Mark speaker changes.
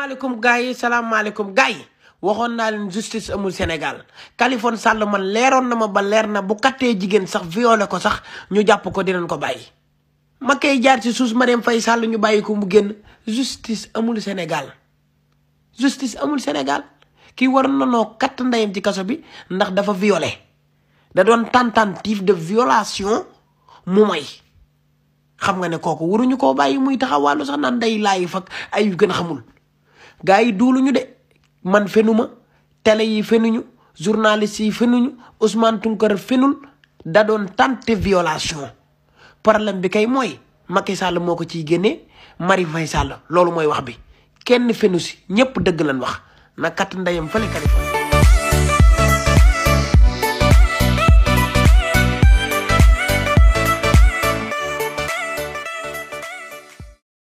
Speaker 1: salaamaaleykum gars yi salaamaaleykum gars yi waxoon naa leen justice amul Sénégal Kaliphone Sall man leeroon na ma ba leer na bu kattee jigéen sax violé ko sax ñu jàpp ko dinañ ko bàyyi. ma kay jaar ci suus Marième Faye sàll ñu bàyyi ko mu génn justice amul Sénégal justice amul Sénégal kii waroon na noo katt ndeyam ci kaso bi ndax dafa violé da doon tentative de violation mu may. xam nga ne kooku waruñu koo bàyyi muy taxawaalu sax naan day laay fag ay yu gën xamul gars yi duluñu de man fenuma télé yi fenuñu journaliste yi fenuñu Ousmane Tounkara fenul da doon tenter violation problème bi kay mooy Macky Sall moo ko ciy génne mari Faye Sall loolu mooy wax bi kenn fenu si ñëpp dëgg lañ wax na kat ndeyam fële Californie